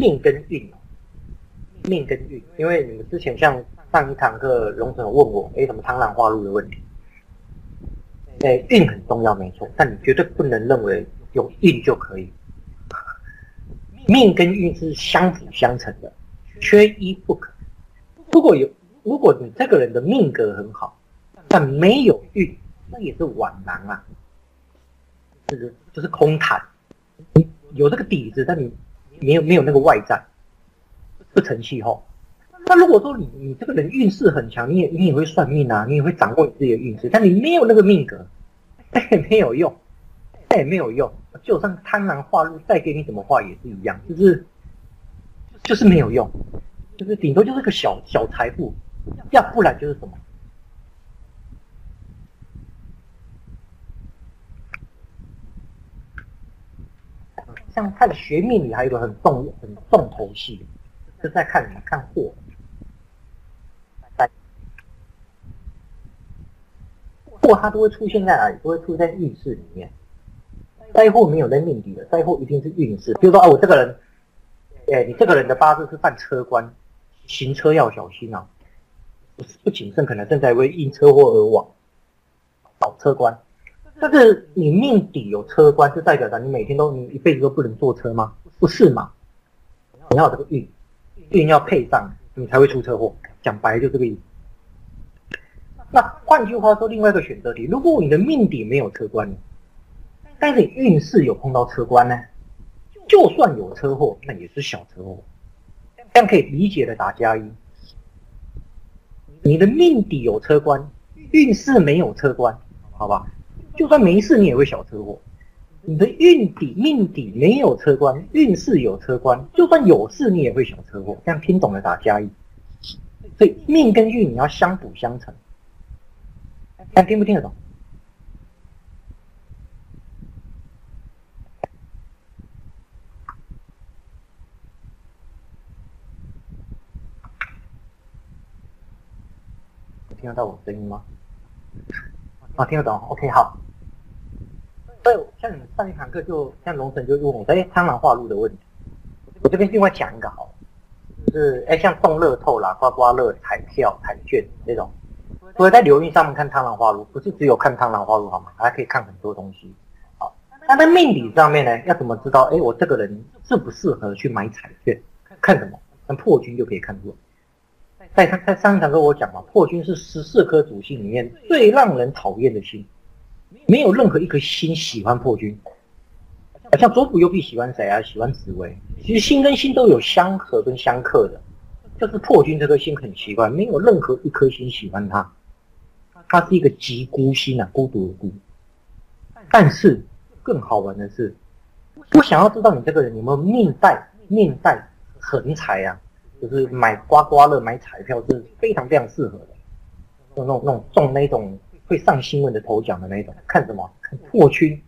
命跟運，命跟運，因為你們之前像上一堂課，龍城有問我誒什麼貪狼化祿的問題，誒運很重要沒錯，但你絕對不能認為有運就可以。命跟運是相輔相成的，缺一不可。如果有如果你這個人的命格很好，但沒有運，那也是枉然啊，就是就是空談。你有這個底子，但你。沒有沒有那個外在，不成氣候。那如果說你你這個人運勢很強，你也你也會算命啊，你也會掌握你自己的運勢，但你沒有那個命格，那也沒有用，那也沒有用。就算貪狼化祿，再給你怎麼化也是一樣，就是就是沒有用，就是頂多就是個小小財富，要不然就是什麼。像他的學命理還有一個很重很重頭戲，就是在看看禍。禍它都會出現在哪裡？都會出現在運勢裡面。災禍沒有在命理的，災禍一定是運勢。比如說啊，我這個人，哎、欸，你這個人的八字是犯車關，行車要小心啊，不謹慎，可能正在為因車禍而亡。找車關。但是你命底有車關，就代表啥？你每天都你一輩子都不能坐車嗎？不是嘛？你要這個運，運要配上你才會出車禍。講白了就這個意思。那換句話說，另外一個選擇題：如果你的命底沒有車關，但是你運勢有碰到車關呢？就算有車禍，那也是小車禍，這樣可以理解的打加一。你的命底有車關，運勢沒有車關，好吧？就算沒事，你也會小車禍。你的運底命底沒有車關，運勢有車關。就算有事，你也會小車禍。這樣聽懂了打加一。所以命跟運你要相輔相成。看聽不聽得懂？聽得到我聲音嗎？啊，聽得懂。OK，好。所以像上一堂課就，就像龍神就問我說：“哎，貪狼化祿的問題。”我這邊另外講一個好，好，就是哎，像中樂透啦、刮刮樂、彩票、彩券這種。所以在流運上面看貪狼化祿，不是只有看貪狼化祿好嗎？還可以看很多東西。好，那在命理上面呢，要怎麼知道？哎，我這個人適不適合去買彩券？看什麼？看破軍就可以看出來。在在在上一堂課我講嘛，破軍是十四顆主星裡面最讓人討厭的星。沒有任何一顆星喜歡破軍，好像左輔右弼喜歡誰啊？喜歡紫微。其實星跟星都有相合跟相克的，就是破軍這顆星很奇怪，沒有任何一顆星喜歡他，他是一個極孤星啊，孤獨的孤。但是更好玩的是，我想要知道你這個人你有沒有命帶命帶橫財啊？就是買刮刮樂、買彩票是非常非常適合的，那種那種，種那種中那種。會上新聞的頭獎的那一種，看什麼？看破軍，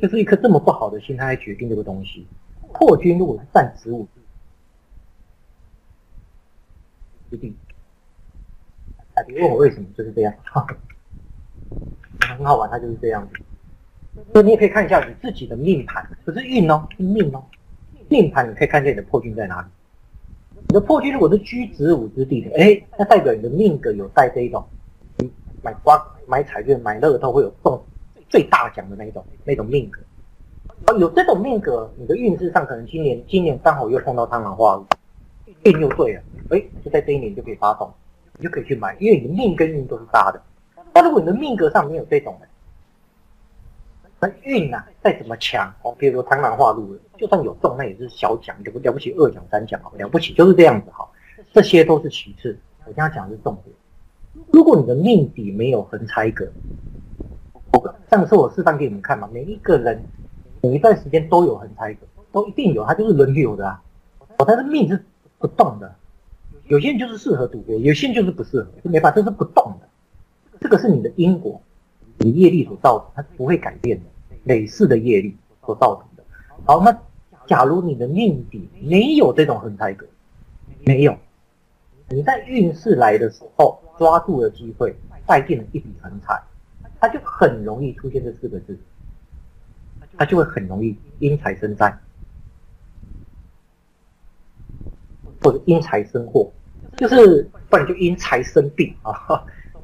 就是一顆這麼不好的心，他還決定這個東西。破軍如果是占子午之地，決定。哎，別問我為什麼，就是這樣呵呵，很好玩，它就是這樣子。所以你也可以看一下你自己的命盤，不是運哦，是命哦。命盤你可以看見你的破軍在哪裡。你的破軍如果是居子午之地的，哎，那代表你的命格有帶這一種。買刮買彩票買樂透會有中最大獎的那種那種命格，啊，有這種命格，你的運勢上可能今年今年剛好又碰到貪狼化祿，運又對了，誒、欸，就在這一年就可以發動，你就可以去買，因為你的命跟運都是搭的。那，啊、如果你的命格上沒有這種的，那運吶、啊、再怎麼強，哦，比如說貪狼化祿了，就算有中，那也是小獎不，了不起二獎三獎啊，了不起就是這樣子哈、哦，這些都是其次，我今天講的是重點。如果你的命底沒有橫財格，我上次我示範給你們看嘛。每一個人，每一段時間都有橫財格，都一定有，它就是輪流的啊。好，哦，但是命是不動的。有些人就是適合賭博，有些人就是不適合，就沒辦法。這是不動的，這個是你的因果，你業力所造成，它是不會改變的，累世的業力所造成的。好，那假如你的命底沒有這種橫財格，沒有，你在運勢來的時候。哦抓住了機會，帶進了一筆橫財，他就很容易出現這四個字，他就會很容易因財生災，或者因財生禍，就是不然就因財生病啊。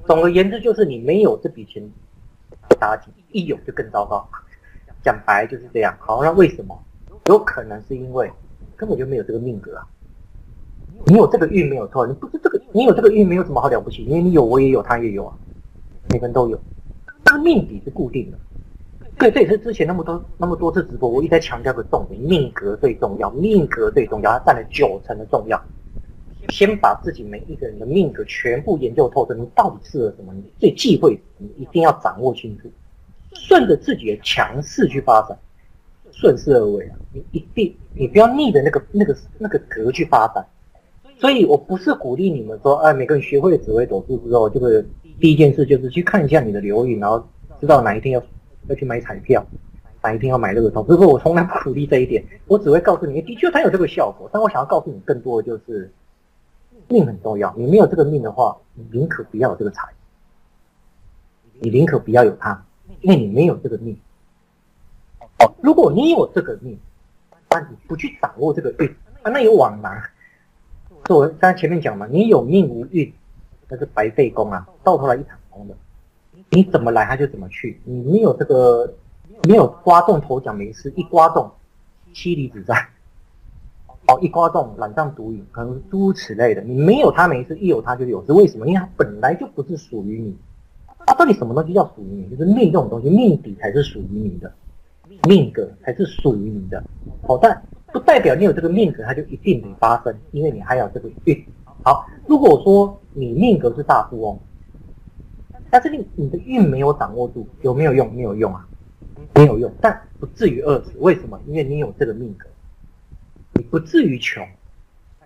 總而言之，就是你沒有這筆錢打，打緊，一有就更糟糕。講白就是這樣。好，那為什麼？有可能是因為根本就沒有這個命格啊。你有這個運沒有錯，你不是這個，你有這個運沒有什麼好了不起，因為你有，我也有，他也有啊，每個人都有。但命底是固定的，對，這也是之前那麼多那麼多次直播，我一直在強調的重點，命格最重要，命格最重要，它占了九成的重要。先把自己每一個人的命格全部研究透徹，你到底適合什麼？你最忌諱，你一定要掌握清楚，順着自己的強勢去發展，順勢而為啊！你一定，你不要逆着那個那個那個格去發展。所以，我不是鼓勵你們說，哎、啊，每個人學會了紫微斗數之後，就、這、是、個、第一件事就是去看一下你的流運，然後知道哪一天要要去買彩票，哪一天要買這個東西，不是，我從來不鼓勵這一點，我只會告訴你，的確它有這個效果。但我想要告訴你更多的就是，命很重要。你沒有這個命的話，你寧可不要有這個財，你寧可不要有它，因為你沒有這個命。哦，如果你有這個命，那你不去掌握這個運，哎，那有往枉然。我剛才前面講嘛，你有命無運，那是白費功啊，到頭來一場空的，你怎麼來他就怎麼去，你沒有這個，沒有刮中頭獎沒事，一刮中，妻離子散。哦，一刮中染上毒癮，可能諸如此類的。你沒有他沒事，一有他就有事。為什麼？因為他本來就不是屬於你。啊，到底什麼東西叫屬於你？就是命這種東西，命理才是屬於你的，命格才是屬於你的。好，哦，但。不代表你有這個命格，它就一定會發生，因為你還有這個運。好，如果說你命格是大富翁，但是你你的運沒有掌握住，有沒有用？沒有用啊，沒有用。但不至於餓死，為什麼？因為你有這個命格，你不至於窮，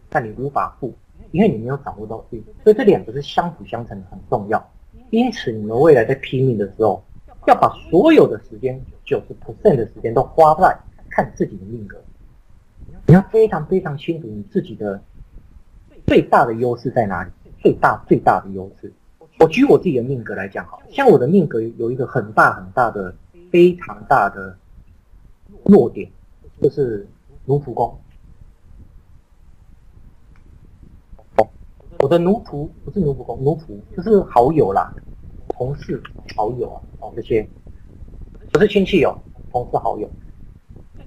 但你無法富，因為你沒有掌握到運。所以這兩個是相輔相成的，很重要。因此，你們未來在批命的時候，要把所有的時間，90%的時間都花在看自己的命格。你要非常非常清楚你自己的最大的優勢在哪裡，最大最大的優勢。我舉我自己的命格來講，好，像我的命格有一個很大很大的非常大的弱點，就是奴僕宮。哦，我的奴僕不是奴僕宮，奴僕就是好友啦，同事好友啊，哦，這些，不是親戚哦，同事好友。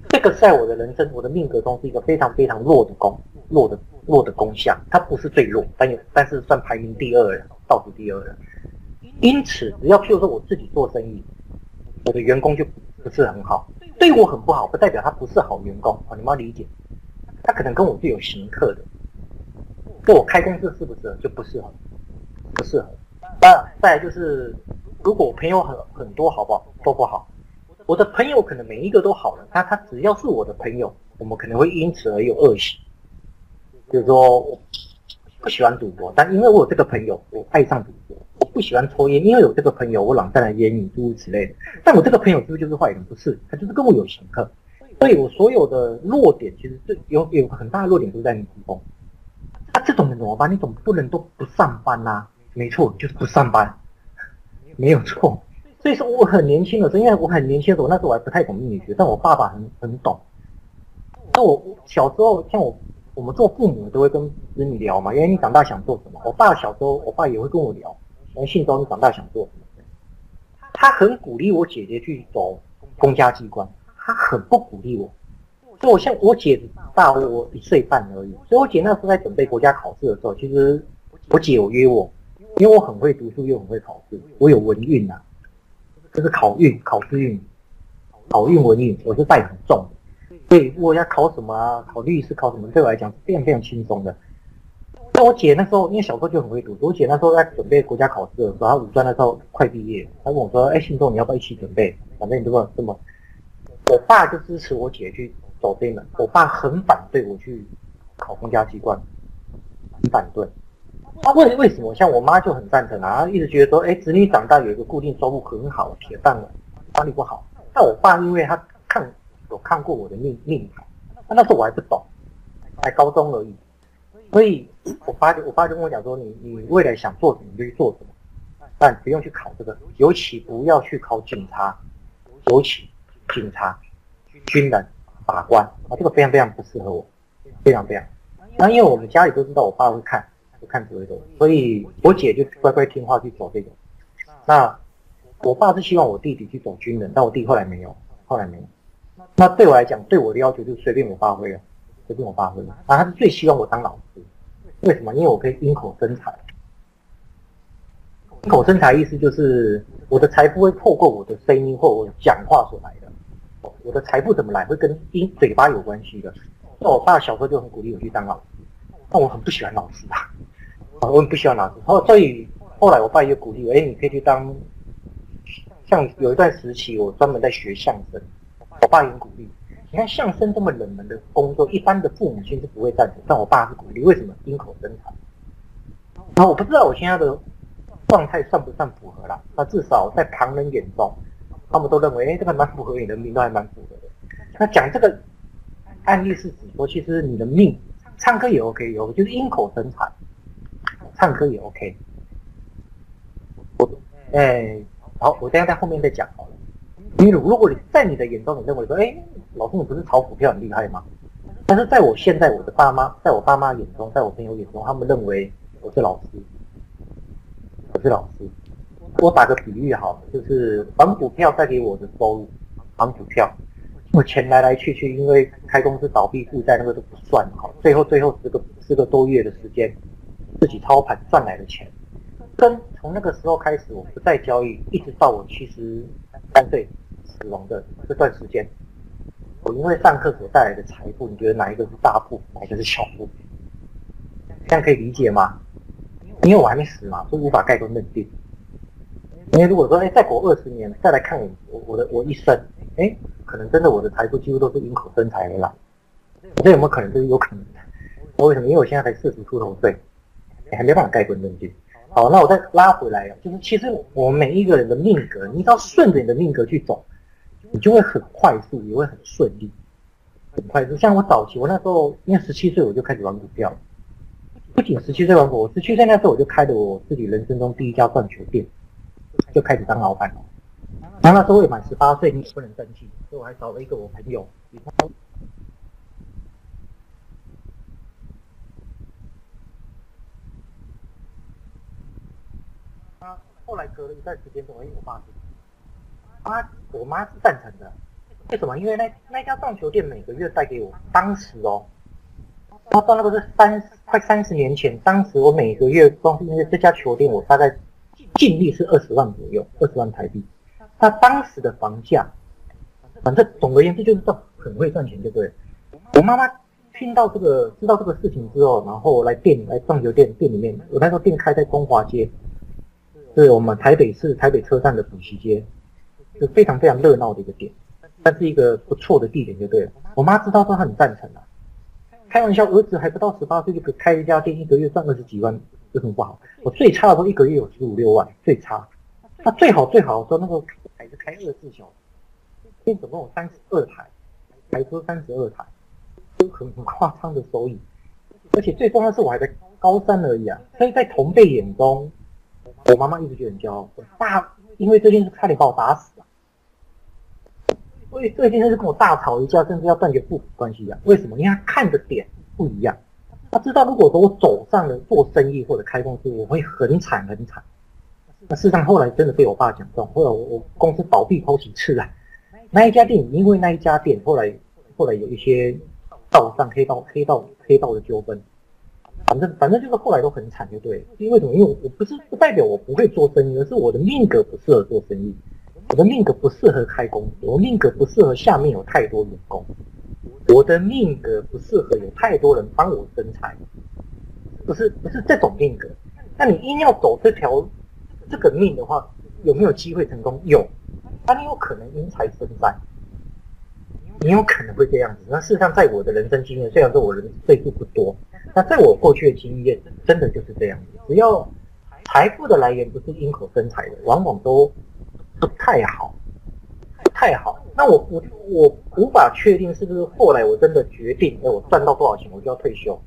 這個在我的人生，我的命格中是一個非常非常弱的宮，弱的弱的宮相，它不是最弱，但也但是算排名第二的，倒數第二的。因此，只要譬如說我自己做生意，我的員工就不是很好，對我很不好，不代表他不是好員工啊，你們要理解。他可能跟我是有刑剋的，就我開公司適不適合就不適合，不適合。當然，再來就是如果朋友很很多，好不好都不好。我的朋友可能每一個都好了，但他只要是我的朋友，我們可能會因此而有惡習。比如說，我不喜歡賭博，但因為我有這個朋友，我愛上賭博；我不喜歡抽煙，因為有這個朋友，我染上了煙癮，諸如此類的。但我這個朋友是不是就是壞人？不是，他就是跟我有刑剋。所以我所有的弱點其實是有有很大的弱點都在你之中。那、啊、這種怎麼辦？你總不能都不上班吶、啊？沒錯，就是不上班，沒有錯。所以說我很年輕的時候，因為我很年輕的時候，那時候我還不太懂命理學，但我爸爸很很懂。那我小時候，像我我們做父母的都會跟子女聊嘛，因為你長大想做什麼？我爸小時候，我爸也會跟我聊，姓周，你長大想做什麼？他很鼓勵我姐姐去走公家機關，他很不鼓勵我。所以，我像我姐大我，我一歲半而已。所以，我姐那時候在準備國家考試的時候，其實我姐有約我，因為我很會讀書，又很會考試，我有文運吶、啊。就是考運、考試運、考運文運，我是帶很重的，所以如果要考什麼啊，考律師考什麼，對我來講非常非常輕鬆的。那我姐那時候，因為小時候就很會讀書，我姐那時候在準備國家考試的時候，她五專那時候快畢業，她問我說：“哎，信眾你要不要一起準備？反正你這個這麼。是嗎”我爸就支持我姐去走這門，我爸很反對我去考公家機關，很反對。他、啊、為為什麼像我媽就很贊成啊？她一直覺得說，哎、欸，子女長大有一個固定收入很好，鐵飯碗，哪裡不好？但我爸因為他看有看過我的命命盤、啊，那時候我還不懂，才高中而已，所以我爸就我爸就跟我講說，你你未來想做什麼你就去做什麼，但不用去考這個，尤其不要去考警察，尤其警察、軍人、法官啊，這個非常非常不適合我，非常非常。然、啊、後因為我們家裡都知道，我爸會看。就看指揮走，所以我姐就乖乖聽話去走這種、個。那我爸是希望我弟弟去走軍人，但我弟弟後來沒有，後來沒有。那對我來講，對我的要求就是隨便我發揮啊，隨便我發揮了。啊，他是最希望我當老師，為什麼？因為我可以因口生財。因口生財意思就是我的財富會透過我的聲音或我的講話所來的。我的財富怎麼來，會跟因嘴巴有關係的。那我爸小時候就很鼓勵我去當老師。但我很不喜歡老師啊，我很不喜歡老師。然後所以後來我爸也鼓勵我，誒，你可以去當，像有一段時期我專門在學相聲，我爸也鼓勵。你看相聲這麼冷門的工作，一般的父母親是不會贊成，但我爸是鼓勵。為什麼？因口生財。然後我不知道我現在的狀態算不算符合啦？那至少在旁人眼中，他們都認為，誒，這個蠻符合你的命，都還蠻符合的。那講這個案例是指說，其實你的命。唱歌也 OK，有就是音口生產，唱歌也 OK。我哎、欸，好，我等一下在後面再講好了。比如，如果你在你的眼中，你認為說，哎、欸，老師你不是炒股票很厲害嗎？但是在我現在我的爸媽，在我爸媽眼中，在我朋友眼中，他們認為我是老師，我是老師。我打個比喻好了，就是炒股票帶給我的收入，炒股票。我錢來來去去，因為開公司倒閉負債那個都不算好，最後最後十個十個多月的時間，自己操盤賺來的錢，跟從那個時候開始我不再交易，一直到我七十三歲死亡的這段時間，我因為上課所帶來的財富，你覺得哪一個是大富，哪一個是小富？這樣可以理解嗎？因為我還沒死嘛，就無法概括論定。因為如果說哎、欸、再過二十年再來看我我，我的，我一生，欸可能真的，我的財富幾乎都是因口生財了啦。這有沒有可能？這是有可能的。我為什麼？因為我現在才四十出頭歲，還沒辦法蓋棺論定。好，那我再拉回來了，就是其實我們每一個人的命格，你只要順着你的命格去走，你就會很快速，也會很順利，很快速。像我早期，我那時候因為十七歲我就開始玩股票，不僅十七歲玩股，十七歲那時候我就開的我自己人生中第一家撞球店，就開始當老板媽、啊、那時候未滿十八歲，你也不能登記，所以我還找了一個我朋友，他後,後來隔了一段時間說：“哎、欸，我爸，爸，我媽是贊成的，為什麼？因為那那家撞球店每個月帶給我，當時哦，他說那個是三十快三十年前，當時我每個月光因為這家球店，我大概淨利是二十萬左右，二十萬台幣。”他當時的房價，反正總而言之就是賺很會賺錢，就對。我媽媽聽到這個，知道這個事情之後，然後來店裡，來逛酒店店裡面。我那時候店開在光華街，對我們台北市台北車站的補習街，就非常非常熱鬧的一個店，但是一個不錯的地點就對了。我媽知道說她很贊成啊，開玩笑，兒子還不到十八歲就可以開一家店，一個月賺二十幾萬，有什麼不好？我最差的時候一個月有十五六萬，最差。他最好最好說那個。還是開二十四小時，這邊總共三十二台，台車三十二台，都很誇張的收益。而且最重要的是，我還在高三而已啊！所以在同輩眼中，我媽媽一直覺得很驕傲。爸，因為最近是差點把我打死啊！所以最近她是跟我大吵一架，甚至要斷絕父母關係呀、啊？為什麼？因為他看的點不一樣。他知道如果說我走上了做生意或者開公司，我會很慘很慘。那事實上，後來真的被我爸講中。後來我我公司倒閉好幾次啦，啊。那一家店，因為那一家店，後來後來有一些道上黑道、黑道、黑道的糾紛。反正反正就是後來都很慘，就對。因為什麼？因為我，我不是不代表我不會做生意，而是我的命格不適合做生意。我的命格不適合開公司，我命格不適合下面有太多員工。我的命格不適合有太多人幫我生財。不是不是這種命格。那你硬要走這條？這個命的話，有沒有機會成功？有，那、啊、你有可能因財生災，你有可能會這樣子。那事實上，在我的人生經驗，雖然說我人歲數不多，那在我過去的經驗，真的就是這樣子。只要財富的來源不是因何生財的，往往都不太好，不太好。那我我我無法確定是不是後來我真的決定，哎，我賺到多少錢我就要退休，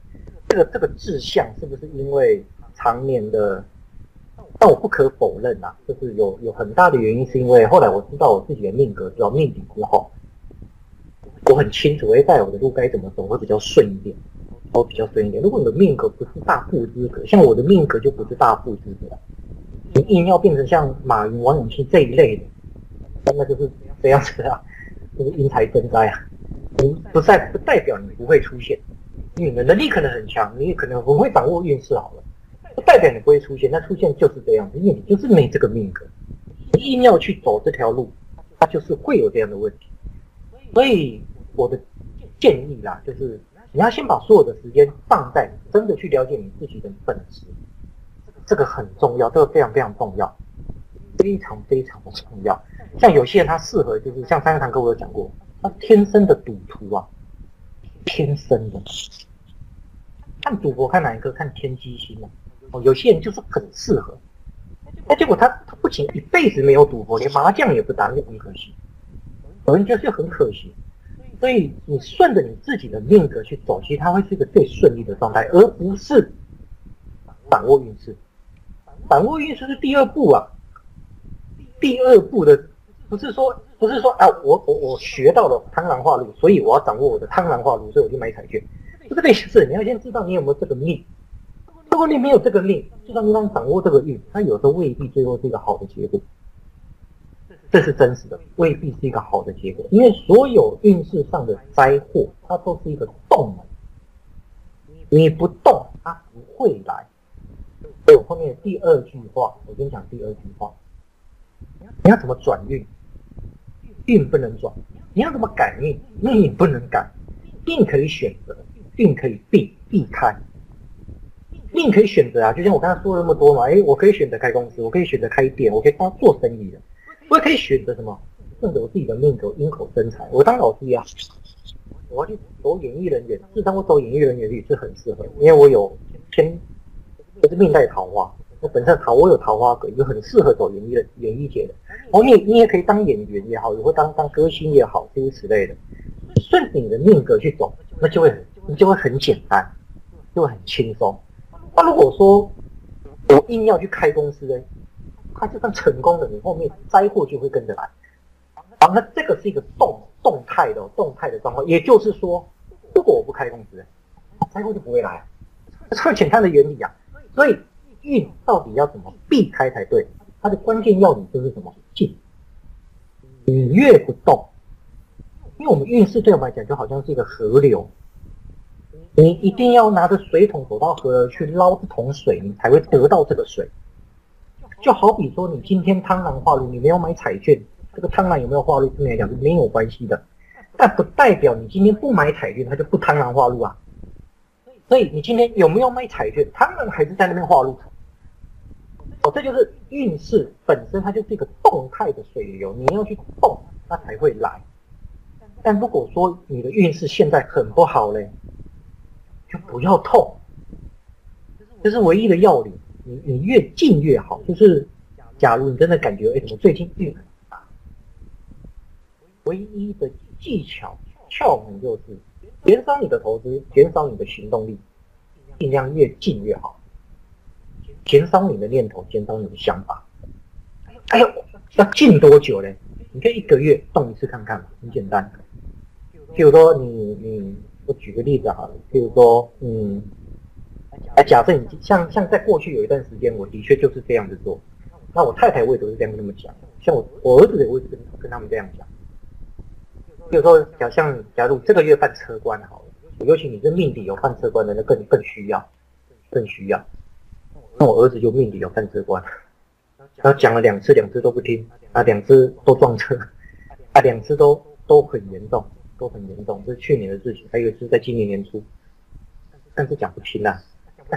這個這個志向是不是因為常年的？但我不可否認吶、啊，就是有有很大的原因，是因為後來我知道我自己的命格，叫命理之後，我很清楚，我在我的路該怎麼走會比較順一點，我比較順一點。如果你的命格不是大富之格，像我的命格就不是大富之格，你硬要變成像馬雲、王永慶這一類的，那就是這樣這樣、啊，就是因材生災啊。不，不在不代表你不會出現，你的能力可能很強，你也可能不會掌握運勢好了。不代表你不會出現，那出現就是這樣子，因為你就是沒這個命格，硬要去走這條路，它就是會有這樣的問題。所以我的建議啦，就是你要先把所有的時間放在真的去了解你自己的本質，這個很重要，這個非常非常重要，非常非常的重要。像有些人他適合就是像三個堂課我有講過，他天生的賭徒啊，天生的，看賭博看哪一個？看天機星啊。哦，有些人就是很適合，那結果他他不僅一輩子沒有賭博，連麻將也不打，就很可惜，有人就是很可惜，所以你順着你自己的命格去走去，其實他會是一個最順利的狀態，而不是掌握運勢。掌握運勢是第二步啊，第二步的不是說不是說啊，我我我學到了貪狼化祿，所以我要掌握我的貪狼化祿，所以我就買彩券，這個類似，你要先知道你有沒有這個命。如果你沒有這個命，就算你能掌握這個運，它有時候未必最後是一個好的結果。這是真實的，未必是一個好的結果。因為所有運勢上的災禍，它都是一個動能，你不動它不會來。所以我後面第二句話，我跟你講第二句話：你要怎麼轉運？運不能轉；你要怎麼改運？運不能改。運可以選擇，運可以避避開。命可以選擇啊，就像我剛才說了那麼多嘛。哎、欸，我可以選擇開公司，我可以選擇開店，我可以當做生意的，我也可以選擇什麼，順着我自己的命格因口生財。我當老師啊，我要去走演藝人員，至少我走演藝人員也是很適合，因為我有天，我是命帶桃花，我本身桃，我有桃花格，就很適合走演藝的演藝界的。哦，你你也可以當演員也好，也會當當歌星也好，諸如此類的，順着你的命格去走，那就會很，你就會很簡單，就會很輕鬆。那如果說我硬要去開公司，呢，他就算成功了，你後面災禍就會跟着來。啊，那這個是一個動動態的、動態的狀況。也就是說，如果我不開公司，災禍就不會來。這是簡單的原理啊。所以運到底要怎麼避開才對？它的關鍵要領就是什麼？靜。你越不動，因為我們運勢對我們來講就好像是一個河流。你一定要拿着水桶走到河去撈一桶水，你才會得到這個水。就好比說，你今天貪狼化祿，你沒有買彩券，這個貪狼有沒有化祿，對你來講是沒有關係的。但不代表你今天不買彩券，它就不貪狼化祿啊。所以你今天有沒有買彩券，貪狼還是在那邊化祿。哦，這就是運勢本身，它就是一個動態的水流，你要去動，它才會來。但如果說你的運勢現在很不好嘞。就不要痛，這是唯一的要領。你你越靜越好。就是假如你真的感覺，哎、欸，怎麼最近鬱悶？唯一的技巧竅門就是減少你的投資，減少你的行動力，盡量越靜越好。減少你的念頭，減少你的想法。哎呦，那靜多久呢？你可以一個月動一次看看，很簡單的。譬如說你，你你。我舉個例子好了，譬如說，嗯，啊、假設你像、像在過去有一段時間，我的確就是這樣子做。那我太太為什麼是這樣那麼講，像我我兒子我也會跟跟他們這樣講。就是說，假、像假如這個月犯車關好了，尤其你這命裡有犯車關的，那更更需要，更需要。那我兒子就命裡有犯車關，他講了兩次，兩次都不聽啊，兩次都撞車，啊，兩次都都很嚴重。都很嚴重，這是去年的事情，還有是在今年年初，但是講不聽啊，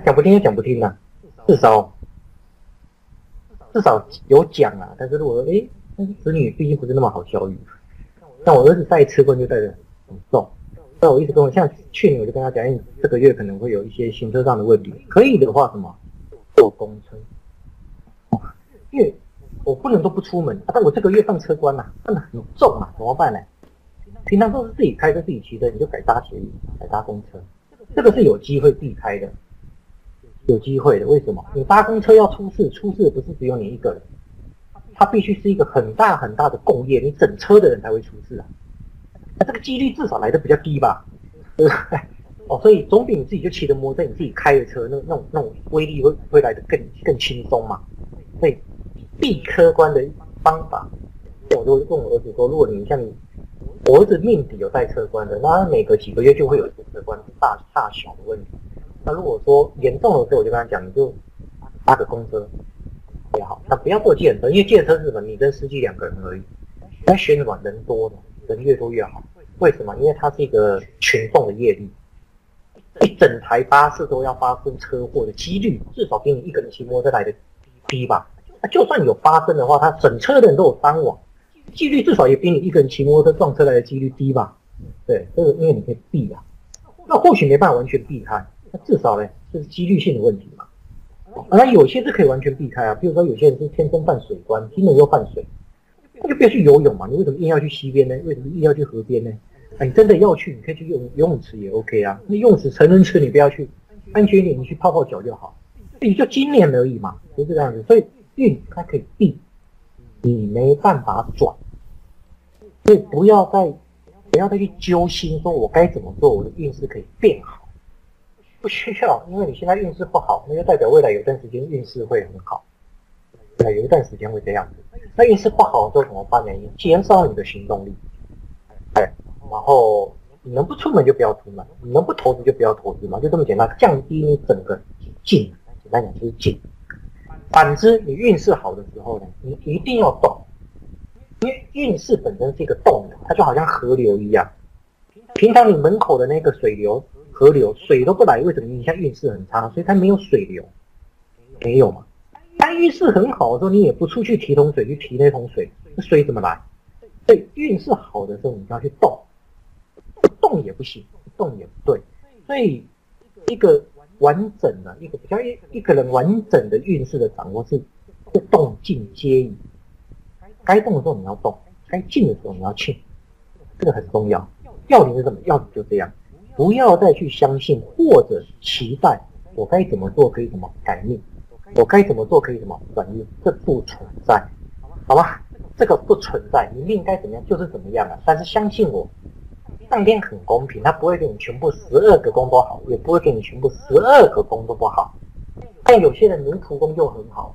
講不聽又講不聽啊，至少至少有講啊。但是如果說哎，但是子女畢竟不是那麼好教育，但我兒子在車關就帶得很重。但我一直跟我像去年我就跟他講，因這個月可能會有一些行車上的問題，可以的話什麼坐公車。因為我不能都不出門，啊、但我這個月犯車關啊，犯得很重啊，怎麼辦呢？平常都是自己開車、自己騎的，你就改搭車、改搭公車，這個是有機會避開的，有機會的。為什麼？你搭公車要出事，出事不是只有你一個人，他必須是一個很大很大的共業，你整車的人才會出事啊。那、啊、這個幾率至少來得比較低吧，對吧？哦，所以總比你自己就騎着摩托車、你自己開着車那那種那種威力會會來得更更輕鬆嘛。所以避客觀的方法，跟我就我就跟我兒子說，如果你像你。我兒子命裡，有帶車關的，那他每隔幾個月就會有一個車關，大大小的問題。那如果說嚴重的時候，我就跟他講，你就搭個公車也好，那不要坐計程車，因為計程車是什麼？你跟司機兩個人而已。在選什麼人多的，人越多越好。為什麼？因為它是一個群眾的業力，一整台巴士都要發生車禍的幾率，至少比你一個人騎摩托車來的低吧。就算有發生的話，他整車的人都有傷亡。幾率至少也比你一個人騎摩托車撞車來的幾率低嘛。嗯、對，這個因為你可以避啊。那或許沒辦法完全避開，那至少呢，這是幾率性的問題嘛。啊，那有些是可以完全避開啊，比如說有些人是天生犯水關，今年又犯水，那就不要去游泳嘛。你為什麼硬要去溪邊呢？為什麼硬要去河邊呢？啊，你真的要去，你可以去游泳，游泳池也 OK 啊。那游泳池成人池你不要去，安全一點，你去泡泡腳就好。你就今年而已嘛，就是、這個樣子。所以運它可以避，你沒辦法轉。所以不要再，不要再去揪心，說我該怎麼做我的運勢可以變好，不需要，因為你現在運勢不好，那就代表未來有一段時間運勢會很好，有一段時間會這樣子。那運勢不好的時候怎麼辦呢？你減少你的行動力，哎，然後你能不出門就不要出門，你能不投資就不要投資嘛，就這麼簡單，降低你整個靜，簡單講就是靜。反之，你運勢好的時候呢，你一定要動。因為運勢本身是一個動的，它就好像河流一樣。平常你門口的那個水流，河流水都不來，為什麼？你現在運勢很差，所以它沒有水流，沒有嘛。當運勢很好的時候，你也不出去提桶水，去提那桶水，那水怎麼來？所以運勢好的時候，你就要去動，動也不行，動也不對。所以一個完整的，一個比較一個人完整的運勢的掌握是，動靜皆宜。該動的時候你要動，該靜的時候你要靜，這個很重要。要點是什麼？要點就這樣，不要再去相信或者期待我該怎麼做可以什麼改命，我該怎麼做可以什麼轉運，這不存在。好吧，這個不存在，你命該怎麼樣就是怎麼樣啊，但是相信我，上天很公平，他不會給你全部十二個宮都好，也不會給你全部十二個宮都不好。但有些人能土宮就很好，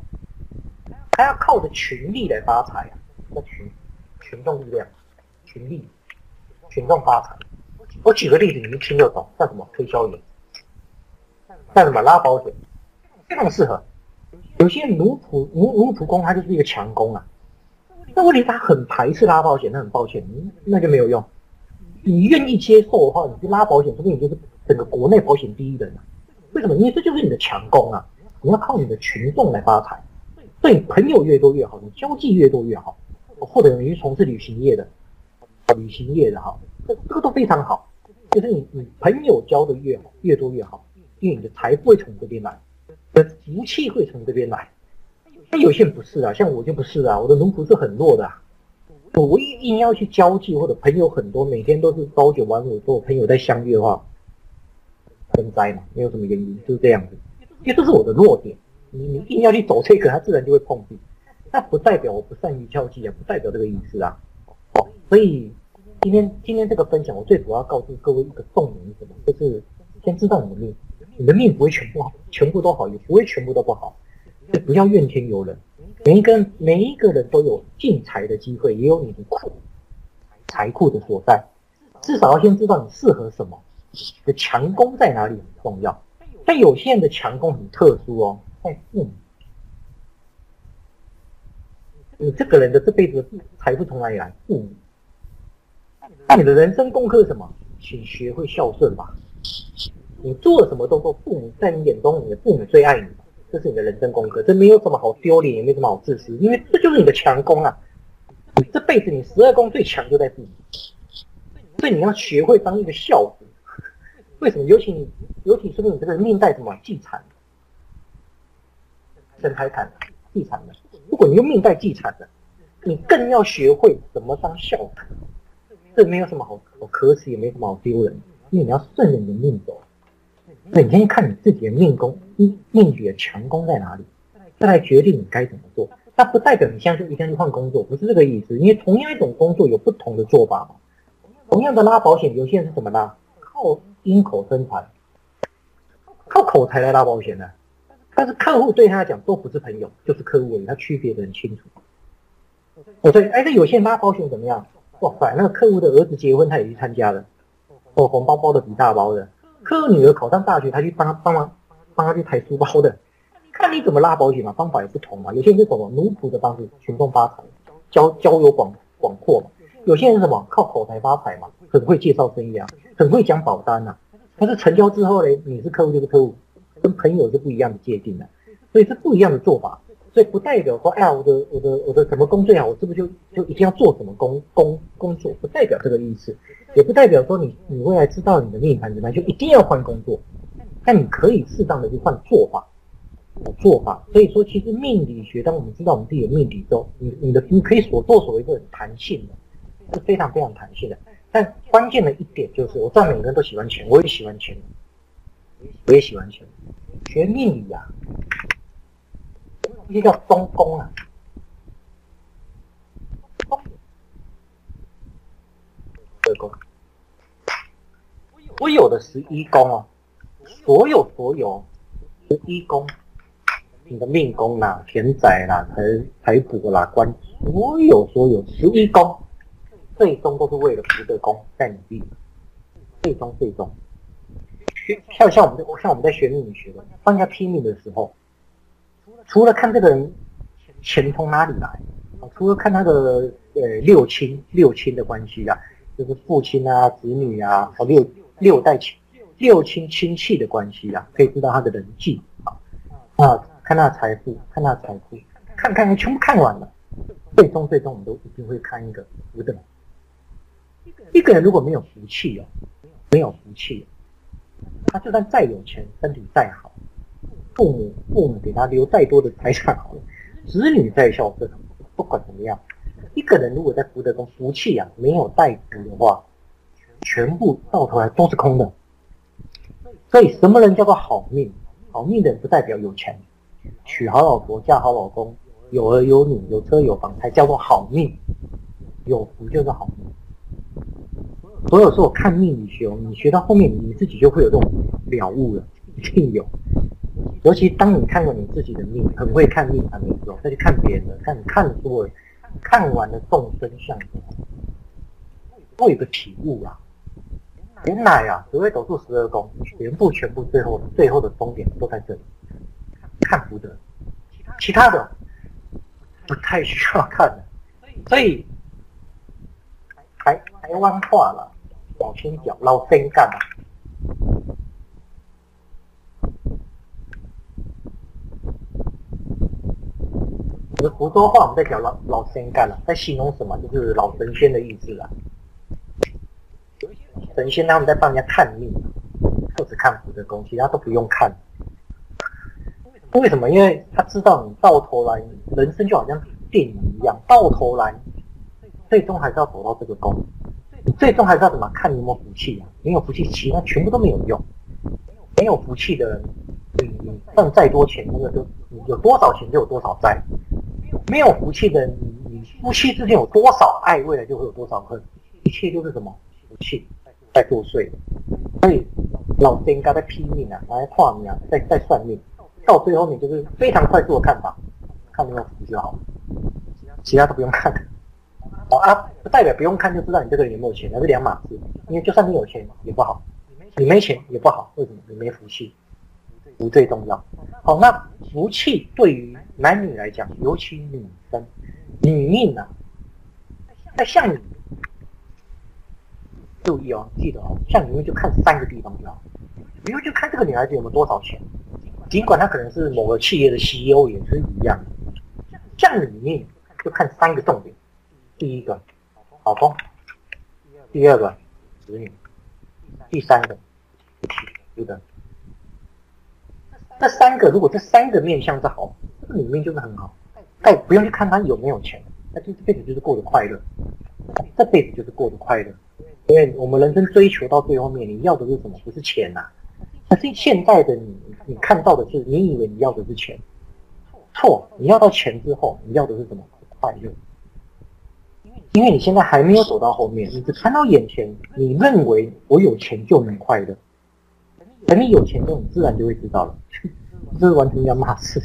他要靠着群力來發財啊。那群群眾力量，群力群眾發財。我舉個例子，你們聽得懂。叫什麼推銷員，叫什麼拉保險，非常適合。有些奴僕奴奴僕宮，他就是一個強宮啊。那問題他很排斥拉保險，那很抱歉，那就沒有用。你願意接受的話，你去拉保險，說不定你就是整個國內保險第一人啊。為什麼？因為這就是你的強宮啊。你要靠你的群眾來發財，對朋友越多越好，你交際越多越好。或者你去從事旅行業的，旅行業的哈，這這個都非常好，就是你你朋友交的越好，越多越好，因為你的財富會從這邊來，你的福氣會從這邊來。那有些不是啊，像我就不是啊，我的奴僕是很弱的、啊，我我一定要去交際或者朋友很多，每天都是朝九晚五，做朋友在相遇的話，很災嘛，沒有什麼原因，就是這樣子，因為這是我的弱點，你你一定要去走這個，他自然就會碰壁。那不代表我不善於交際啊，不代表這個意思啊。哦，所以今天今天這個分享，我最主要告訴各位一個重點是什麼？就是先知道你的命，你的命不會全部好，全部都好，也不會全部都不好。就不要怨天尤人。每一個人每一個人都有進財的機會，也有你的庫財庫的所在。至少要先知道你適合什麼，你的強宮在哪裡很重要。但有些人的強宮很特殊哦，在、嗯、父母。你這個人的這輩子的財富從哪裡來？父母。那你的人生功課是什麼？請學會孝順吧。你做了什麼動作？父母在你眼中，你的父母最愛你吧，這是你的人生功課。這沒有什麼好丟臉，也沒什麼好自私，因為這就是你的強宮啊。你這輩子你十二宮最強就在父母，所以你要學會當一個孝子。為什麼？尤其你，尤其說明你這個命帶什麼地產？生財產，地產的。如果你又命帶忌財的，你更要學會怎麼當孝子。這沒有什麼好可恥，也沒什麼好丟人，因為你要順着你的命走，每天看你自己的命宮、命局的強功在哪裡，再來決定你該怎麼做。那不代表你一下就一下就換工作，不是這個意思。因為同樣一種工作有不同的做法嘛。同樣的拉保險，有些人是怎麼拉？靠金口生財，靠口才來拉保險的，啊。但是客戶對他來講都不是朋友，就是客戶，他區別的很清楚。我說，哦，哎，那有些人拉保險怎麼樣？哇塞，反正，那個客戶的兒子結婚，他也去參加了，哦，紅包包的比大包的；客戶女兒考上大學，他去幫她，幫他幫她去抬書包的。看你怎麼拉保險嘛，方法也不同嘛。有些人是什麼，奴僕的幫助，群眾發財，交交友廣廣闊嘛；有些人是什麼，靠口才發財嘛，很會介紹生意啊，很會講保單吶，啊。但是成交之後嘞，你是客戶就是客戶。跟朋友就不一樣的界定了、啊，所以是不一樣的做法，所以不代表說，哎呀，我的我的我的什麼工作呀，我是不是就就一定要做什麼工工工作？不代表這個意思，也不代表說你你未來知道你的命盤怎麼樣，就一定要換工作，但你可以適當的去換做法，做法。所以說，其實命理學，當我們知道我們自己的命理之後，你你的你可以所作所為都很彈性的，是非常非常彈性的。但關鍵的一點就是，我知道每個人都喜歡錢，我也喜歡錢。我也喜歡學學命理啊，這叫中宮啊，對宮，所有的十一宮啊，所有所有十一宮，你的命宮啦、田宅啦、財財帛啦、官，所有所有十一宮，最終都是為了福德宮在努力，最終最終。看我們像我們在學命理學的，放下批命的時候，除了看這個人錢從哪裡來，啊，除了看他的呃六親六親的關係啊，就是父親啊、子女啊，六六代親六親親戚的關係啊，可以知道他的人際啊，啊，看他的財富，看他的財富，看看全部看完了，最終最終我們都一定會看一個福的人。一個人如果沒有福氣哦、喔，沒有福氣、喔。他就算再有錢，身體再好，父母父母給他留再多的財產好了，子女再孝順，不管怎麼樣，一個人如果在福德中福氣啊沒有帶足的話，全部到頭來都是空的。所以，什麼人叫做好命？好命的人不代表有錢，娶好老婆，嫁好老公，有兒有女，有車有房才叫做好命。有福就是好命。所有說我看命理學，你學到後面，你自己就會有這種了悟了，一定有。尤其當你看過你自己的命，很會看命盤的時候，再去看別人，看看了所謂看完了眾生相，會有個體悟啊。原來啊，所謂斗數十二宮，全部全部最後最後的終點都在這裡。看福德，其他的不太需要看了所以。台台灣話啦，小心老仙叫老先覺啦。我們胡說話，我們在講老老先覺啦，在形容什麼？就是老神仙的意思啦、啊。神仙，他們在幫人家看命，或者看別的東西，他都不用看。為什麼？因為他知道你到頭來，人生就好像電影一樣，到頭來。最終還是要走到這個宮，最終還是要怎麼看你有福氣啊？你有福氣，沒有福氣，其他全部都沒有用。沒有福氣的人，你你賺再多錢，那個都你有多少錢就有多少災。沒有福氣的人，你你夫妻之間有多少愛，未來就會有多少恨。一切都是什麼福氣在作祟？所以老應該在拼命啊，來畫你啊，在在算命到最後，你就是非常快速的看法，看有沒有福氣就好，了，其他都不用看。好、哦、啊，不代表不用看就知道你這個人有沒有錢，那是兩碼事。因為就算你有錢也不好；你沒錢也不好。為什麼？你沒福氣，福最重要。好，那福氣對於男女來講，尤其女生，女命啊。在相理。注意哦，記得哦。相裡面，就看三個地方，知道嗎？因為就看這個女孩子有沒有多少錢，儘管她可能是某個企業的 CEO，也是一樣的。相裡面，就看三個重點。第一個，老公；第二個，子女；第三個，是的這三個，如果這三個面相是好，這個裡面就是很好。但不用去看他有沒有錢，他這輩子就是過得快樂，這輩子就是過得快樂。因為我們人生追求到最後面，你要的是什麼？不是錢吶、啊。但是現在的你，你看到的是，你以為你要的是錢，錯，你要到錢之後，你要的是什麼？快樂。因為你現在還沒有走到後面，你只看到眼前，你認為我有錢就能快樂。等你有錢之後，你自然就會知道了，這是完全兩碼事。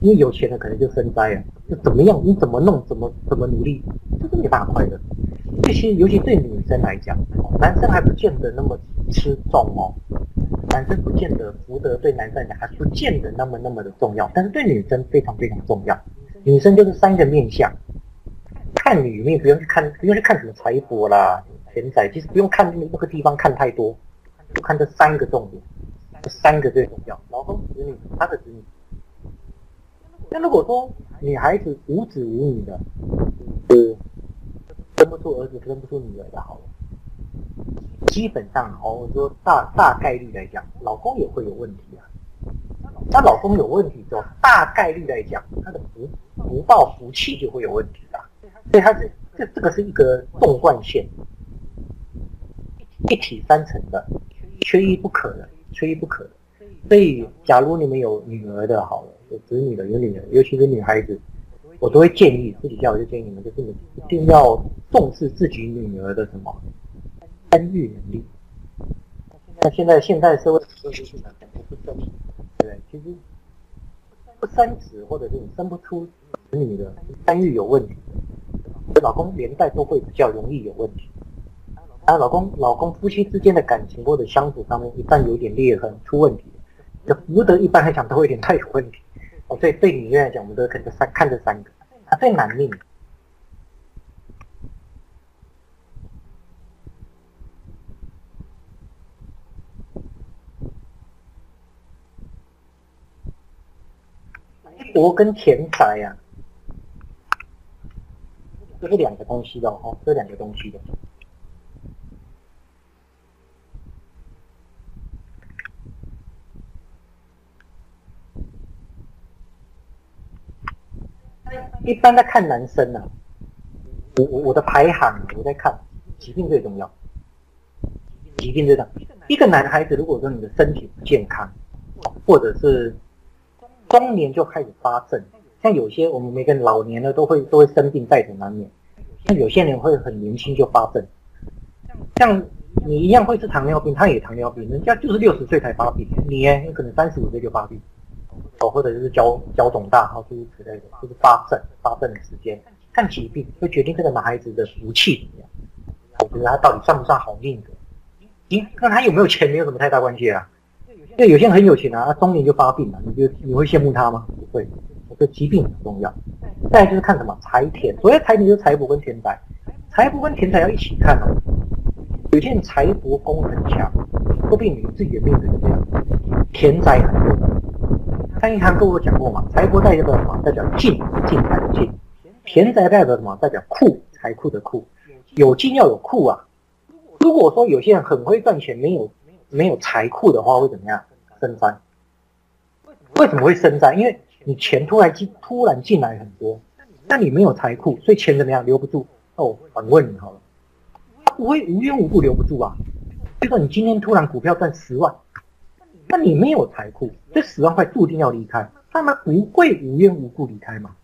因為有錢的可能就生災了。就怎麼樣？你怎麼弄？怎麼怎麼努力，這都沒辦法快樂。這些尤其對女生來講，男生還不見得那麼吃重哦。男生不見得福德對男生來講還不見得那麼那麼的重要，但是對女生非常非常重要。女生就是三個面相。看女命，不用去看，不用去看什麼財帛啦、錢財，其實不用看那個地方看太多，就看這三個重點，這三個最重要。老公、子女、他的子女。那如果說女孩子無子無女的，是生不出兒子、生不出女兒的，好了，基本上哦，你說大大概率來講，老公也會有問題啊。她老公有問題之後，大概率來講，他的福福報福氣就會有問題。所以它是這這個是一個縱貫線，一體三層的，缺一不可的，缺一不可的。所以，假如你們有女兒的，好了，有子女的，有女兒，尤其是女孩子，我都會建議，私底下我就建議你們，就是你一定要重視自己女兒的什麼，生育能力。那獄現在現在的社會的生育能力不是這對不對？ 其實不生子，或者是你生不出子女的生育有問題。老公連帶都會比較容易有問題，啊，老公，老公夫妻之間的感情或者相處上面一旦有點裂痕出問題，福德一般來講都會有點太有問題。哦，所以對女人來講，我們都看這三看這三個啊，對男命，官跟錢財呀。這是兩個東西的哦，這兩個東西的。一般在看男生呢、啊，我我我的排行我在看，疾病最重要。疾病最重要。一個男孩子如果說你的身體不健康，或者是中年就開始發症。像有些我們每個人老年呢都會都會生病，在所難免，像有些人會很年輕就發病，像你一樣會是糖尿病，他也糖尿病，人家就是六十歲才發病，你哎，你可能三十五歲就發病，哦，或者就是腳腳腫大哈，諸如此類的，就是發病發病的時間，看疾病會決定這個男孩子的福氣怎麼樣，我覺得他到底算不算好命的？那跟他有沒有錢沒有什麼太大關係啊。就有些人很有錢啊，他、啊、中年就發病了、啊，你就你會羨慕他嗎？不會。疾病很重要，再來就是看什麼財田。所謂財田就是財帛跟田宅，財帛跟田宅要一起看哦。有些人財帛宮很強，說不定你們自己的命就這樣。田宅很重要，上一堂課我講過嘛，財帛代表什麼？代表進，進財的進。田宅代表什麼？代表庫，財庫的庫。有進要有庫啊。如果說有些人很會賺錢，沒有沒有沒有財庫的話，會怎麼樣？身災。為什麼會身災？因為你錢突然進突然進來很多，那你沒有財庫，所以錢怎麼樣留不住？哦，反問你好了，他不會無緣無故留不住啊。就算你今天突然股票賺十萬，那你沒有財庫，這十萬塊注定要離開，他們不會無緣無故離開嘛？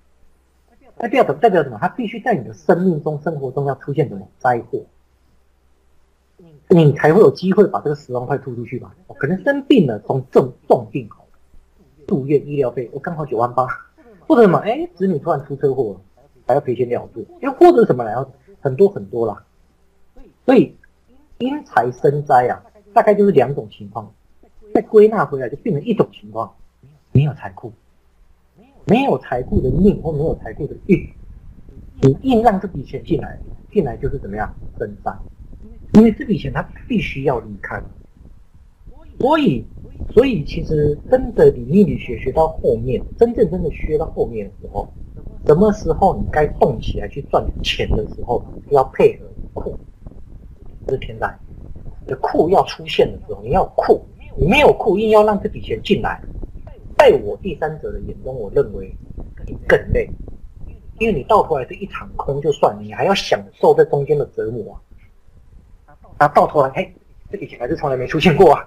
代表代表什麼？他必須在你的生命中、生活中要出現什麼災禍，你才會有機會把這個十萬塊吐出去吧？可能生病了，重重重病。住院醫療費，我、哦、剛好九萬八，或者什麼，哎、欸，子女突然出車禍了，還要賠錢兩次，又、欸、或者什麼來，要很多很多啦。所以，因財生災啊，大概就是兩種情況，再歸納回來就變成一種情況：沒有財庫，沒有財庫的命或沒有財庫的運，你硬讓這筆錢進來，進來就是怎麼樣生災，因為這筆錢它必須要離開。所以，所以其實真的，你命理學學到後面，真正真的學到後面的時候，什麼時候你該動起來去賺錢的時候，要配合庫，這是天災，這庫要出現的時候，你要庫，你沒有庫硬要讓這筆錢進來，在我第三者的眼中，我認為你更累，因為你到頭來是一場空就算，你還要享受這中間的折磨啊，啊到頭來，嘿、欸，這筆錢還是從來沒出現過啊。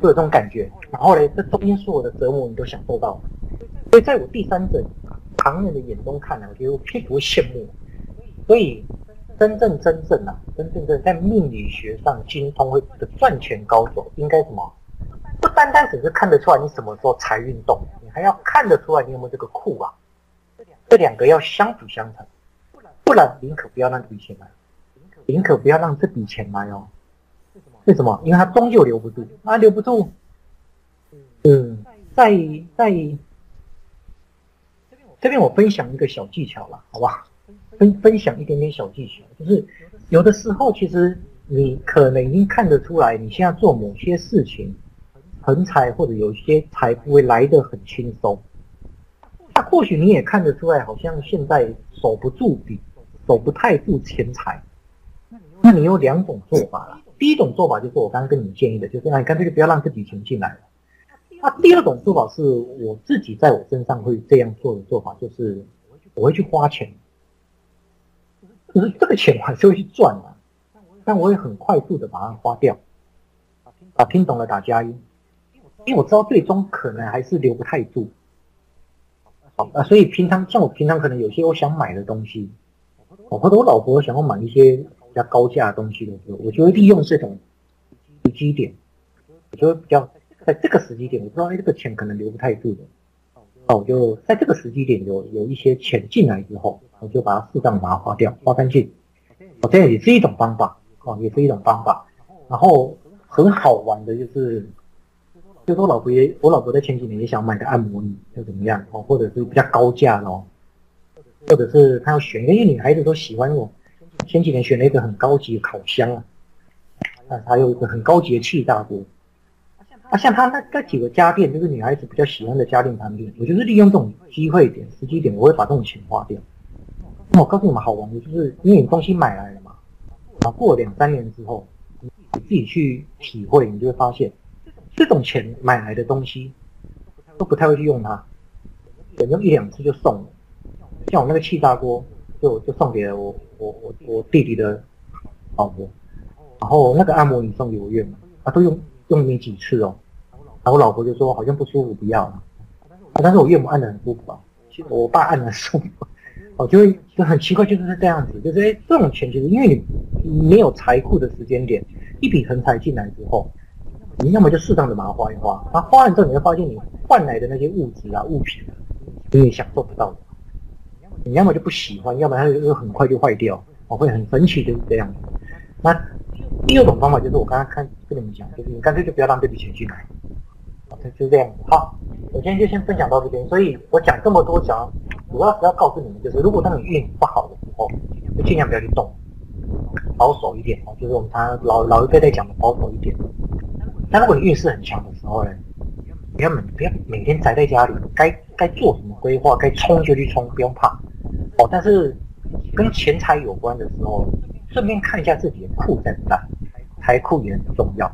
就有這種感覺，然後呢，這中間所有的折磨你都享受到了，所以在我第三者、旁人的眼中看來，啊，我覺得我並不會羨慕。所以，真正真正吶、啊，真正，正在命理學上精通會的賺錢高手，應該什麼？不單單只是看得出來你什麼時候財運動，你還要看得出來你有沒有這個庫啊。這兩個要相輔相成，不然，不然寧可不要讓這筆錢來，寧可寧可不要讓這筆錢，錢來哦。為什麼？因為他終究留不住，啊，留不住。嗯，在在，這邊我分享一個小技巧了，好吧，分分享一點點小技巧，就是有的時候其實你可能已經看得出來，你現在做某些事情，橫財或者有些財富會來得很輕鬆。那、啊、或許你也看得出來，好像現在守不住底，守不太住錢財。那你有兩種做法了。第一種做法就是我剛剛跟你們建議的，就是你乾脆就不要讓自己錢進來。那、啊、第二種做法是我自己在我身上會這樣做的做法，就是我會去花錢，可、就是這個錢還是會去賺的，但我也很快速的把它花掉。啊，聽懂了打加一，因為我知道最終可能還是留不太住。好啊，所以平常像我平常可能有些我想買的東西，我或者我老婆想要買一些。比較高價的東西的時候，我就會利用這種時機點，我就會比較在這個時機點，我不知道哎，這個錢可能留不太住的，哦，我就在這個時機點有有一些錢進來之後，我就把它適當把它花掉，花乾淨。哦，這樣也是一種方法，哦，也是一種方法。然後很好玩的就是，就說老婆也，我老婆在前幾年也想買個按摩椅，就怎麼樣，哦，或者是比較高價的，或者是她要選一個，因為女孩子都喜歡我。前幾年選了一個很高級的烤箱啊，啊，還有一個很高級的氣炸鍋，啊，像他那那幾個家電，就是女孩子比較喜歡的家電產品，我就是利用這種機會點、時機點，我會把這種錢花掉。那麼，嗯，我告訴你們好玩的，就是因為你東西買來了嘛，然後過兩三年之後，你自己去體會，你就會發現，這種錢買來的東西都不太會去用它，可能用一兩次就送了。像我那個氣炸鍋。就就送給了我我我我弟弟的老婆，然後那個按摩椅送給我岳母，啊都用用你幾次哦，然後我老婆就說好像不舒服不要了，啊、但是我岳母按的很舒服，我爸按的很舒服，我、哦、就會就很奇怪，就是這樣子，就是哎、欸、這種錢就是因為你沒有財庫的時間點，一筆橫財進來之後，你要麼就適當的把它花一花，那花完之後你會發現你換來的那些物質啊物品，也享受不到的。你要麼就不喜歡，要不然它就是很快就壞掉，我會很生氣，就是這樣子。那第二種方法就是我剛剛看跟你們講，就是你乾脆就不要讓這筆錢進來，就就是這樣子。好，我今天就先分享到這邊。所以我講這麼多講，主要是要，要告訴你們，就是如果當你運不好的時候，就儘量不要去動，保守一點哦。就是我們常常老老一輩在講的保守一點。但如果你運勢很強的時候呢？你要每，不要每，每天宅在家裡，該該做什麼規劃，該衝就去衝，不用怕。哦，但是跟錢財有關的時候，順便看一下自己的庫在不在。財庫也很重要。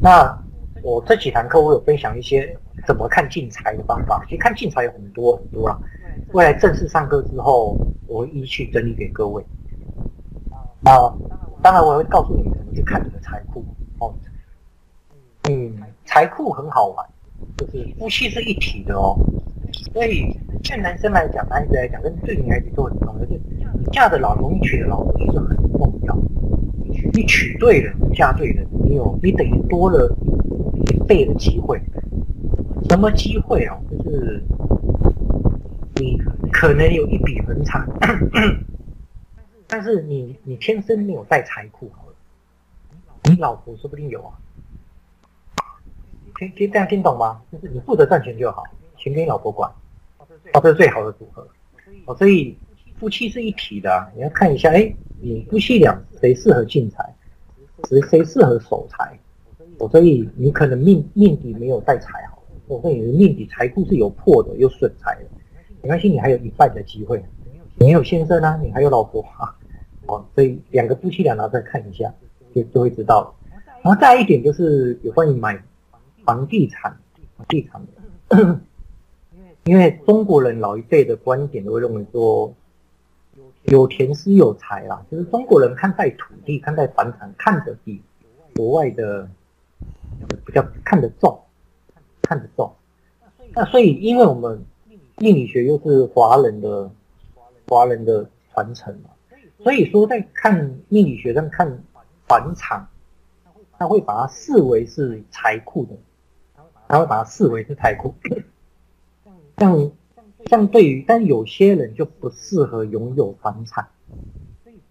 那我這幾堂課我有分享一些怎麼看進財的方法，其實看進財有很多很多啊。未來正式上課之後，我會一一去整理給各位。啊、呃，當然我也會告訴你怎麼去看你的財庫哦。嗯，財庫很好玩，就是夫妻是一體的哦。所以，對男生來講，男子來講，跟對女孩子都很重要。就是你嫁的老公，你娶的老婆就是很重要。你娶對了，嫁對了，你有你等於多了一倍的機會。什麼機會啊？就是你可能有一筆橫財，但是你你天生沒有帶財庫好了，你老婆說不定有啊。嗯、可以可以這樣聽懂嗎？就是你負責賺錢就好。全給你老婆管，哦，這是最好的組合。哦，所以夫妻是一體的，啊、你要看一下，欸、你夫妻倆誰適合進財，誰誰適合守財。哦，所以你可能命命底沒有帶財好，我，哦、說你的命底財庫，是有破的，有損財的。沒關係，你還有一半的機會，你還有先生啊，你還有老婆啊。哦，所以兩個夫妻倆拿出來看一下，就就會知道了。然後再一點就是有關於買房地產，房地產的。 因為中國人老一輩的觀點都會認為說，有田是有財啦，就是中國人看待土地、看待房產看得比國外的比較看得重，看得重。那所以，因為我們命理學又是華人的華人的傳承嘛，所以說在看命理學上看房產，他會把它視為是財庫的，他會把它視為是財庫。像像對於，但有些人就不適合擁有房產，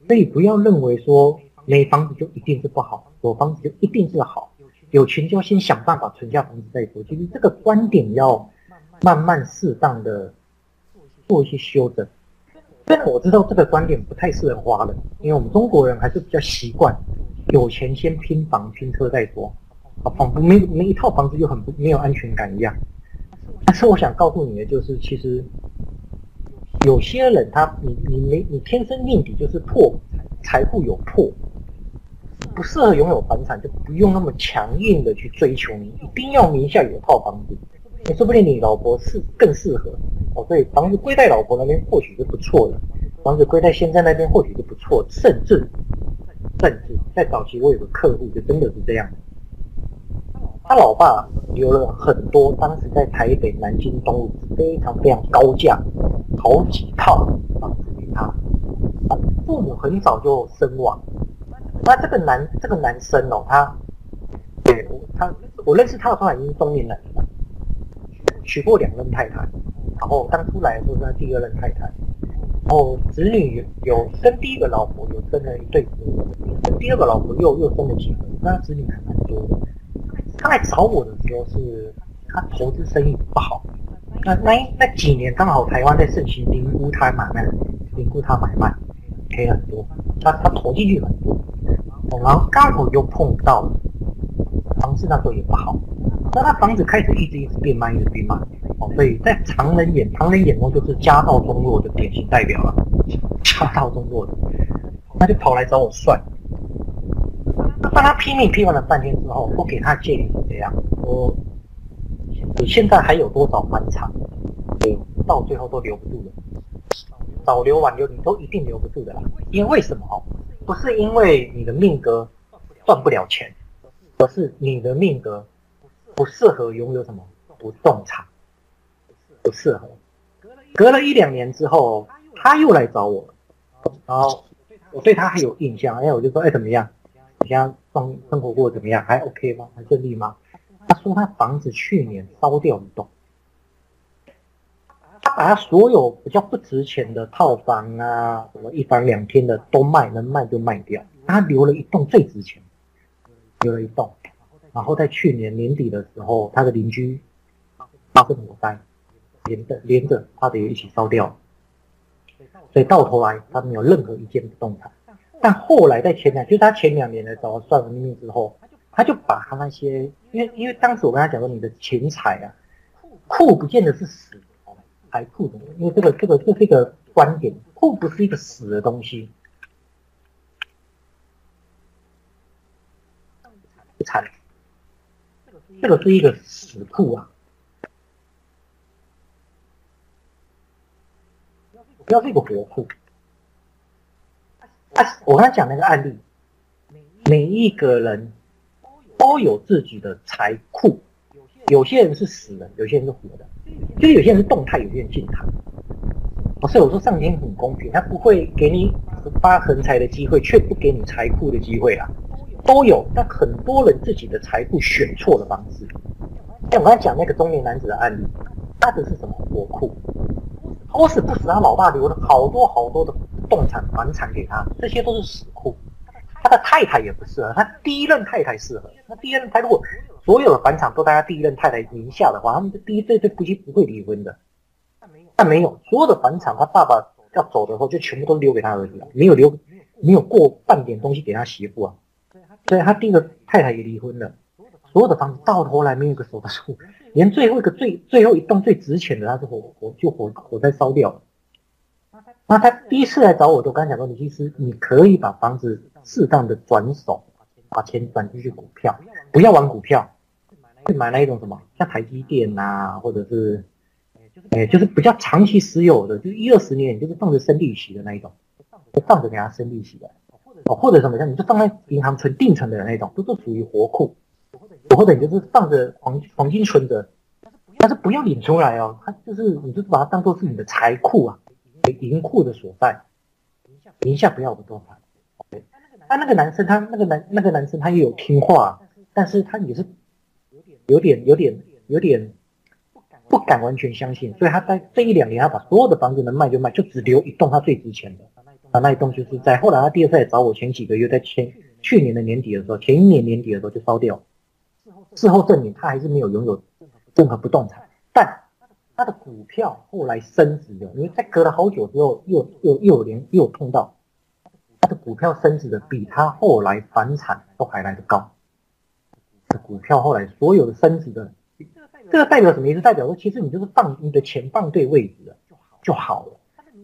所以不要認為說沒房子就一定是不好，有房子就一定是好。有錢就要先想辦法存下房子再說。其實這個觀點要慢慢適當的做一些修正。但我知道這個觀點不太適合華人，因為我們中國人還是比較習慣有錢先拼房拼車再說，仿佛沒沒一套房子就很不沒有安全感一樣。但是我想告訴你的就是，其實有些人他你你沒你天生命底就是破，財富有破，不適合擁有房產，就不用那麼強硬的去追求你，你一定要名下有套房子。你說不定你老婆是更適合，哦，所以房子歸在老婆那邊或許就不錯了，房子歸在先生那邊或許就不錯，甚至甚至在早期我有個客戶就真的是這樣他老爸。留了很多，當時在台北、南京、東路，非常非常高價，好幾套房子給他。啊，父母很早就身亡。那這個男，這個男生哦，他對、嗯、我，他我認識他的時候已經中年人了娶，娶過兩任太太，然後當初來的時候是他第二任太太，然後子女有跟第一個老婆有生了一對子女，跟第二個老婆又又生了幾個，那子女還蠻多的。他來找我的時候是，他投資生意不好，那那那幾年剛好台灣在盛行靈骨塔買賣，靈骨塔買賣賠很多，他他投進去很多，然後剛好又碰到了房子那時候也不好，那他房子開始一直一直變賣一直變賣，哦，所以在常人眼常人眼中就是家道中落的典型代表了，家道中落，他就跑來找我算。當他拼命批完了半天之後，我給他建議是這樣：說，你現在還有多少房產？就到最後都留不住了，早留晚留你都一定留不住的啦。因為什麼？不是因為你的命格賺不了錢，而是你的命格不適合擁有什麼不動產，不適合。隔了一兩年之後，他又來找我了。然後我對他還有印象，哎、欸，我就說，哎、欸，怎麼樣？你家生生活過得怎麼樣？還 OK 嗎？還順利嗎？他說他房子去年燒掉一棟，他把他所有比較不值錢的套房啊，什麼一房兩廳的都賣，能賣就賣掉，他留了一棟最值錢，留了一棟。然後在去年年底的時候，他的鄰居發生火災，連着連着他的也一起燒掉，所以到頭來他沒有任何一間不動產。但後來在前兩，就是他前兩年來找我算完命之後，他就把他那些，因為因為當時我跟他講說，你的錢財啊，庫不見得是死，還庫的因為這個這個這就是一個觀點，庫不是一個死的東西，不慘，這個是一個死庫啊，不要這個不要這個活庫。啊、我剛才講那個案例，每一個人都有自己的財庫，有些人是死的，有些人是活的，就是有些人是動態，有些人靜態。老、哦、師，所以我說上天很公平，他不會給你發橫財的機會，卻不給你財庫的機會啊，都有。但很多人自己的財庫選錯的方式。像我剛才講那個中年男子的案例，他就是什麼火庫，好死不死，他老爸留了好多好多的，動產、房產給他，這些都是死庫。他的太太也不適合，他第一任太太適合。他第一任太太如果所有的房產都在他第一任太太名下的話，他們第一對對夫妻不會離婚的。但沒有，但沒有，所有的房產他爸爸要走的時候，就全部都留給他兒子，沒有留，沒有過半點東西給他媳婦啊。所以他第一個太太也離婚了。所有的房子到頭來沒有一個守得住，連最後一個最最後一棟最值錢的，他是火火就火就火災燒掉。那他第一次來找我都剛講說，你其實你可以把房子適當的轉手，把錢轉進去股票，不要玩股票，去買那一種什麼，像台積電啊，或者是、欸，就是比較長期持有的，就是一二十年，你就是放着生利息的那一種，就放着給他生利息的，哦，或者什麼像你就放在銀行存定存的那種，都是屬於活庫，或者你就是放着黃黃金存着，但是不要領出來哦，他就是你就是把它當做是你的財庫啊。銀庫的所在，名下不要不動產。他那個男生，他那個男那個男生，他也有聽話，但是他也是有點、有點、有點、有點不敢不敢完全相信，所以他在這一兩年，他把所有的房子能賣就賣，就只留一棟他最值錢的。啊，那一棟就是在後來他第二次也找我前幾個月，在前去年的年底的時候，前一年年底的時候就燒掉了。事後證明他還是沒有擁有任何不動產，但。他的股票後來升值的，因為在隔了好久之後，又又又，又連又碰到他的股票升值的，比他後來房產都還來得高。股票後來所有的升值的，這個代表什麼意思？代表說其實你就是放你的錢放對位置了就好了。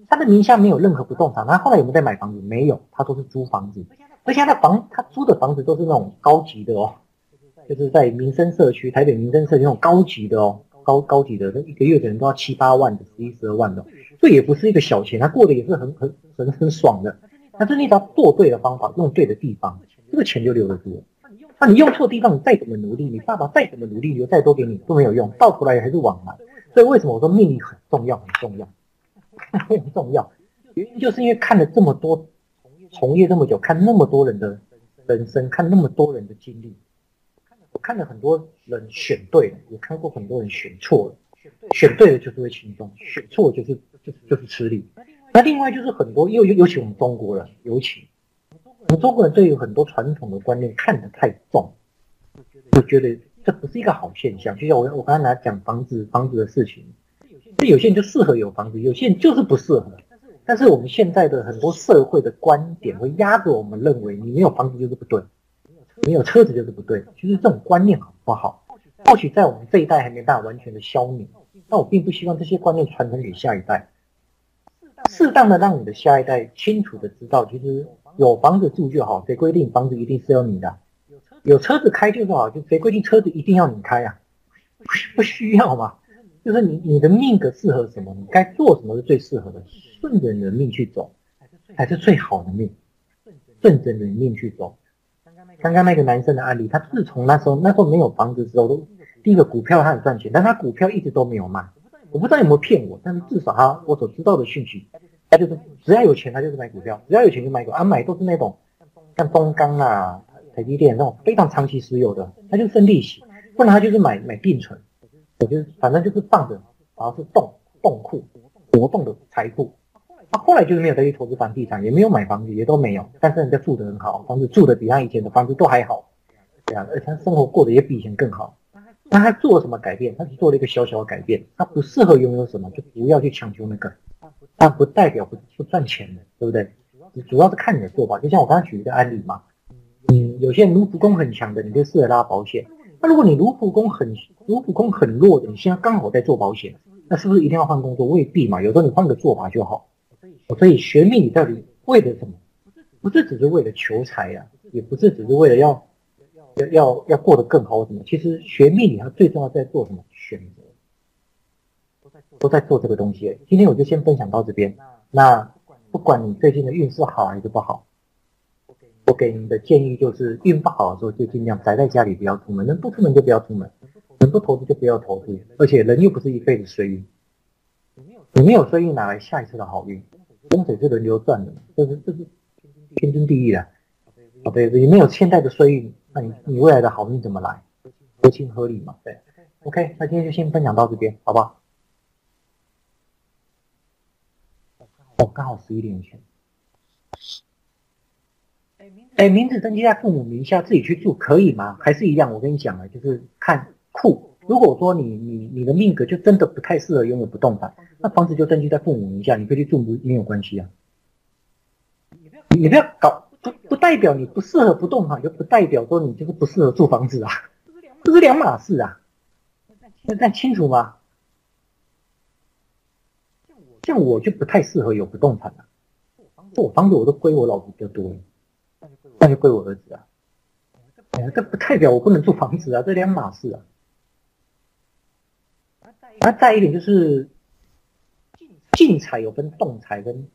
他的名下沒有任何不動產，他後，後來有沒有在買房子？沒有，他都是租房子，而且他的房他租的房子都是那種高級的哦，就是在民生社區、台北民生社區那種高級的哦。高高級的，那一個月可能都要七八萬的，十一十二萬的，這也不是一個小錢，他過得也是很很很很爽的。那真正要做對的方法，用對的地方，這個錢就留得住。那、啊、你用錯地方，你再怎麼努力，你爸爸再怎麼努力，留再多給你都沒有用，到頭來還是枉然。所以為什麼我說命運很重要，很重要呵呵，很重要？原因就是因為看了這麼多，從業這麼久，看那麼多人的人生，看那麼多人的經歷。看了很多人選對了，我看過很多人選錯了。選對了就是會輕鬆，選錯就是就是、就是吃力。那另外就是很多，尤尤尤其我們中國人，尤其我們中國人對於很多傳統的觀念看得太重，就覺得這不是一個好現象。就像我我剛才拿講房子房子的事情，這有些人就適合有房子，有些人就是不適合。但是我們現在的很多社會的觀點會壓着我們認為，你沒有房子就是不對。沒有車子就是不對，其實這種觀念很不好。或許在我們這一代還沒辦法完全的消弭，但我並不希望這些觀念傳承給下一代。適當的讓你的下一代清楚的知道，其實有房子住就好，誰規定房子一定是要你的？有車子開就好，就誰規定車子一定要你開啊？不，不需要嘛？就是你你的命格適合什麼，你該做什麼是最適合的，順着你的命去走才是是最好的命，順着你的命去走。剛剛那個男生的案例，他自從那時候那時候沒有房子之後，都第一個股票他很賺錢，但他股票一直都沒有賣。我不知道有沒有騙我，但是至少他我所知道的訊息，他就是只要有錢他就是買股票，只要有錢就買股啊，買都是那種像中鋼啊、台積電那種非常長期持有的，他就剩利息。不然他就是買買定存，我就是反正就是放着，然後是動動庫，活動的財富。他、啊、後來就是沒有再去投資房地產，也沒有買房子，也都沒有。但是人家住得很好，房子住的比他以前的房子都還好，這樣、啊，而且他生活過得也比以前更好。他他做了什麼改變？他只做了一個小小的改變。他不適合擁有什麼，就不要去強求那個。但不代表不不賺錢的，對不對？你主要是看你的做法。就像我剛才舉一個案例嘛，你有些奴僕宮很強的，你可以適合拉保險。那如果你奴僕宮很奴僕宮很弱的，你現在剛好在做保險，那是不是一定要換工作？未必嘛，有時候你換個做法就好。所以學命理到底為了什麼？不是只是為了求財呀、啊，也不是只是為了要要要要過得更好或什麼。其實學命理它最重要在做什麼？選擇。都在做這個東西。今天我就先分享到這邊。那不管你最近的運勢好還是不好，我給你的建議就是：運不好的時候就盡量宅在家裡，不要出門；能不出門就不要出門；能不投資就不要投資。而且人又不是一輩子衰運，你沒有衰運，哪來下一次的好運？風水是輪流轉的，這是這是天經地義的。義了 okay，哦，對，你沒有欠債的衰運，那你你未來的好運怎麼來？合情合理嘛？對。OK，okay 那今天就先分享到這邊，好不好？哦，剛好十一點以前。哎，名字登記在父母名下，自己去住可以嗎？還是一樣？我跟你講就是看庫。如果說你你你的命格就真的不太適合擁有不動產，那房子就登記在父母名下，你可以去住不沒有關係啊。你不要搞不不代表你不適合不動產，就不代表說你這個不適合住房子啊，這是兩碼事啊。那那清楚嗎？像我就不太適合有不動產的、啊，我房子我都歸我老婆比較多，那就歸我兒子啊。這、哎、這不代表我不能住房子啊，這兩碼事啊。然後、啊、再一點就是，進財，有分動財跟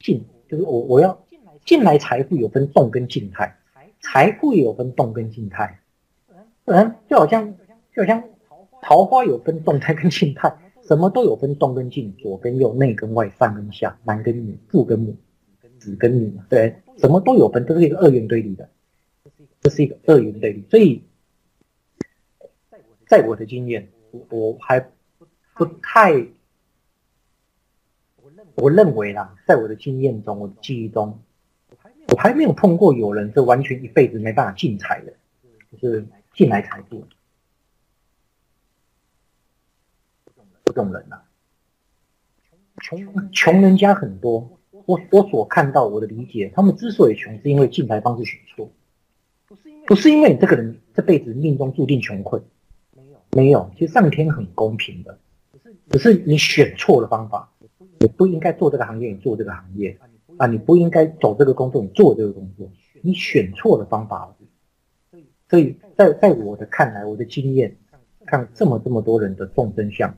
靜，就是我我要進來財富有分動跟靜態，財富也有分動跟靜態，嗯、啊，就好像就好像桃花有分動態跟靜態，什麼都有分動跟靜，左跟右，內跟外，上跟下，男跟女，父跟母，子跟女，對、啊，什麼都有分，這是一個二元對立的，這是一個二元對立，所以，在我的經驗，我我還。不太，我認為啦，在我的經驗中，我的記憶中，我還沒有碰過有人是完全一輩子沒辦法進財的，就是進來財富。這種人吶、啊，窮窮人家很多。我我所看到，我的理解，他們之所以窮，是因為進財方式選錯，不是因為你這個人這輩子命中注定窮困，沒有，其實上天很公平的。只是你選錯了方法，你不應該做這個行業，你做這個行業啊，你不應該走這個工作，你做這個工作，你選錯了方法。所以在，在在我的看來，我的經驗看這麼這麼多人的眾生相，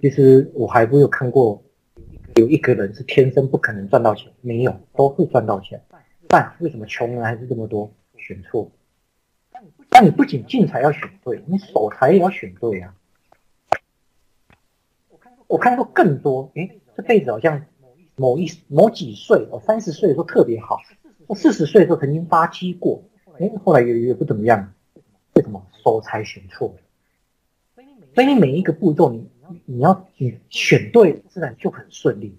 其實我還沒有看過有一個人是天生不可能賺到錢，沒有，都會賺到錢，但為什麼窮人還是這麼多？選錯。但你不僅進財要選對，你守財也要選對呀、啊。我看過更多，哎，這輩子好像某一某幾歲，哦，三十歲的時候特別好，我四十歲的時候曾經發跡過，哎，後來也也不怎麼樣，為什麼？為什麼？收財選錯了，所以你每一個步驟，你你要你選對，自然就很順利。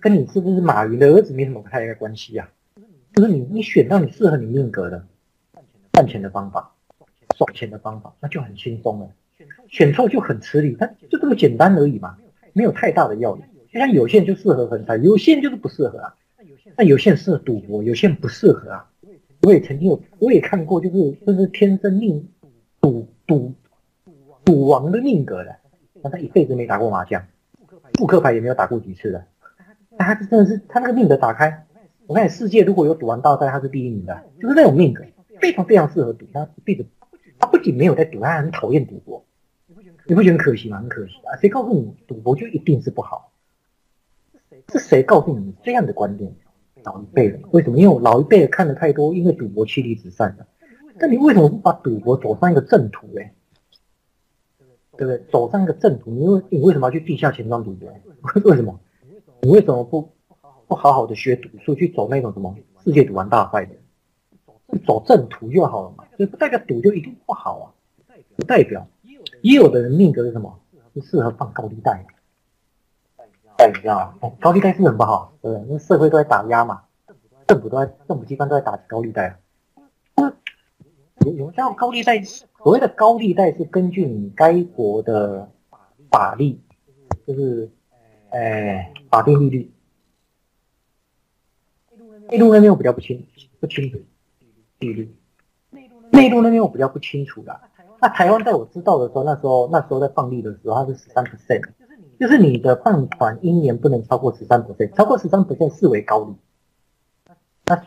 跟你是不是馬雲的兒子，沒什麼太大的關係啊，就是你是你，你選到你適合你命格的賺錢的方法，賺錢的方法，那就很輕鬆了。選錯就很吃力，他就這麼簡單而已嘛，沒有太大的要領。就像有些人就適合橫財，有些人就是不適合啊。那有些人適合賭博，有些人不適合啊。我也曾經有，我也看過，就是就是天生命賭賭賭王的命格的，但他一輩子沒打過麻將，撲克牌也沒有打過幾次的。但他他是真的是他那個命格打開，我看世界如果有賭王大賽，他是第一名的，就是那種命格非常非常適合賭。他閉著，他不僅沒有在賭，他很討厭賭博。你不覺得很可惜嗎？很可惜啊！誰告訴你賭博就一定是不好？是誰告訴你這樣的觀點？老一輩的。為什麼？因為我老一輩的看得太多，因為賭博妻離子散的。但你為什麼不把賭博走上一個正途？哎，對不對？走上一個正途，你為你為什麼要去地下錢莊賭博？為什麼？你為什麼不不好好的學賭術，去走那種什麼世界賭王大賽的？走正途就好了嘛，所以不代表賭就一定不好啊，不代表。也有的人命格是什麼？就適合放高利貸，你知道嗎？高利貸是，是很不好，對，因為社會都在打壓嘛，政府都在政府機關都在打高利貸、啊。有有、嗯嗯、高利貸？所謂的高利貸是根據你該國的法律，就是哎，呃、法定利率。內陸那邊我比較不清不清楚利率。內陸那邊我比較不清楚的、啊。那台灣，在我知道的時候，那時候那時候在放利的時候，它是十三 percent，就是你的放款一年不能超過十三 percent，超過十三 percent 視為高利。那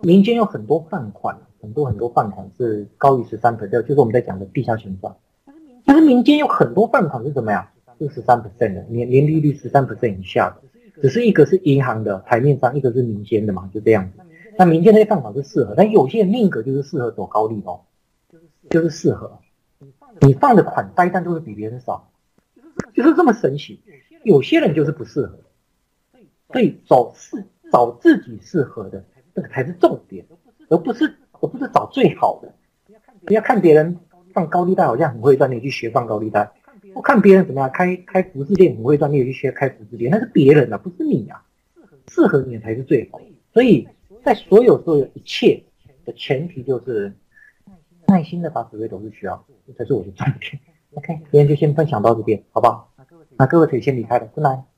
民間有很多放款，很多很多放款是高於十三 percent，就是我們在講的地下錢莊。就是民間有很多放款是什麼呀？是十三 percent 的，年年利率十三 percent 以下的，只是一個是銀行的台面上，一個是民間的嘛，就這樣子。那民間那些放款是適合，但有些人命格就是適合走高利哦、喔，就是適合。你放的款，單單都是比別人少，就是這麼神奇。有些人就是不適合，所以找適找自己適合的，這個才是重點，而不是而不是找最好的。不要看別人放高利貸，好像很會賺，你去學放高利貸；不看別人怎麼樣開開服飾店，很會賺，你去學開服飾店，那是別人的，不是你啊。適合你才是最好。所以，在所有所有一切的前提就是。耐心的把紫微導入去啊，這才是我的重點。OK，今天就先分享到這邊，好不好？那、啊、各位可以先離開了，good night，拜拜。